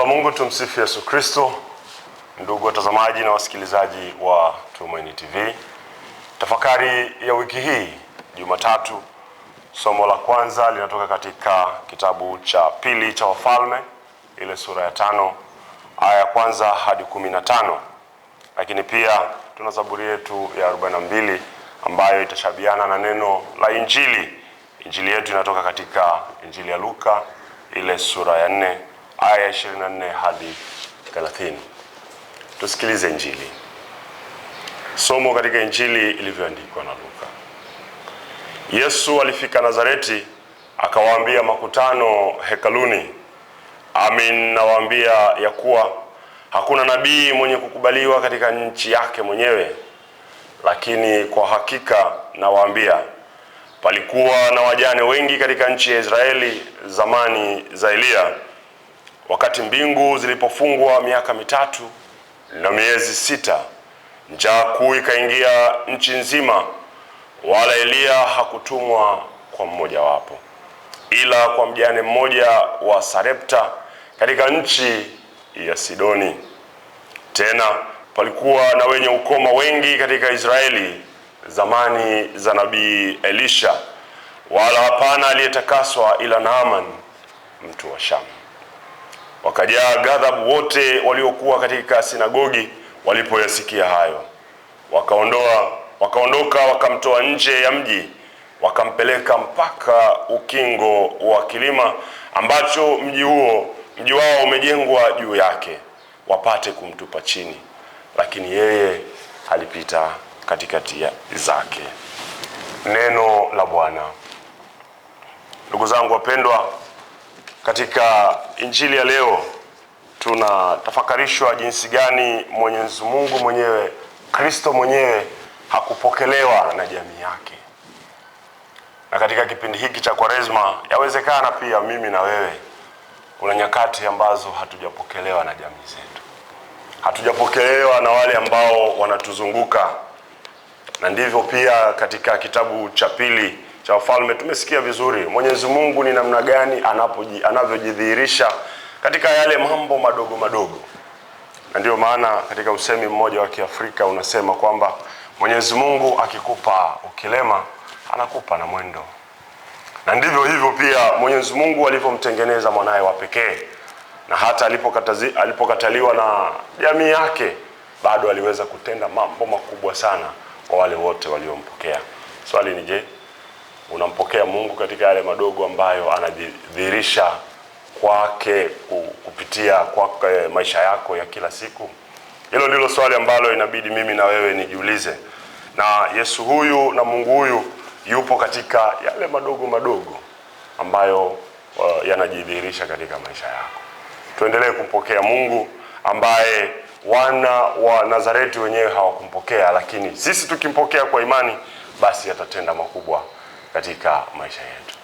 la Mungu, tumsifu Yesu Kristo. Ndugu watazamaji na wasikilizaji wa Tumaini TV, tafakari ya wiki hii Jumatatu, somo la kwanza linatoka katika kitabu cha pili cha Wafalme, ile sura ya tano aya ya kwanza hadi kumi na tano lakini pia tuna Zaburi yetu ya 42 ambayo itashabiana na neno la Injili. Injili yetu inatoka katika Injili ya Luka ile sura ya nne aya 24 hadi 30. Tusikilize Injili. Somo katika Injili ilivyoandikwa na Luka. Yesu alifika Nazareti, akawaambia makutano hekaluni, amin nawaambia ya kuwa hakuna nabii mwenye kukubaliwa katika nchi yake mwenyewe. Lakini kwa hakika nawaambia, palikuwa na wajane wengi katika nchi ya Israeli zamani za Eliya Wakati mbingu zilipofungwa miaka mitatu na miezi sita, njaa kuu ikaingia nchi nzima, wala Eliya hakutumwa kwa mmojawapo, ila kwa mjane mmoja wa Sarepta katika nchi ya Sidoni. Tena palikuwa na wenye ukoma wengi katika Israeli zamani za nabii Elisha, wala hapana aliyetakaswa ila Naaman mtu wa Shamu wakajaa ghadhabu wote waliokuwa katika sinagogi walipoyasikia hayo. Wakaondoa, wakaondoka wakamtoa nje ya mji wakampeleka mpaka ukingo wa kilima ambacho mji huo mji wao umejengwa juu yake, wapate kumtupa chini, lakini yeye alipita katikati zake. Neno la Bwana. Ndugu zangu wapendwa katika injili ya leo tunatafakarishwa jinsi gani Mwenyezi Mungu mwenyewe, Kristo mwenyewe hakupokelewa na jamii yake. Na katika kipindi hiki cha Kwaresma, yawezekana pia mimi na wewe kuna nyakati ambazo hatujapokelewa na jamii zetu, hatujapokelewa na wale ambao wanatuzunguka, na ndivyo pia katika kitabu cha pili cha ufalme. Tumesikia vizuri Mwenyezi Mungu ni namna gani anavyojidhihirisha katika yale mambo madogo madogo, na ndiyo maana katika usemi mmoja wa Kiafrika unasema kwamba Mwenyezi Mungu akikupa ukilema anakupa na mwendo, na ndivyo hivyo pia Mwenyezi Mungu alivyomtengeneza mwanaye wa pekee, na hata alipokatazi, alipokataliwa na jamii yake bado aliweza kutenda mambo makubwa sana kwa wale wote waliompokea. Swali ni je, unampokea Mungu katika yale madogo ambayo anajidhihirisha kwake kupitia kwake maisha yako ya kila siku? Hilo ndilo swali ambalo inabidi mimi na wewe nijiulize. Na Yesu huyu na Mungu huyu yupo katika yale madogo madogo ambayo uh, yanajidhihirisha katika maisha yako. Tuendelee kumpokea Mungu ambaye wana wa Nazareti wenyewe hawakumpokea, lakini sisi tukimpokea kwa imani, basi atatenda makubwa katika maisha yetu.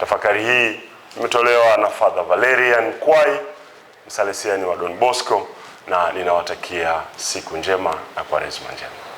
Tafakari hii imetolewa na Father Valerian Kwai, msalesiani wa Don Bosco, na ninawatakia siku njema na Kwaresma njema.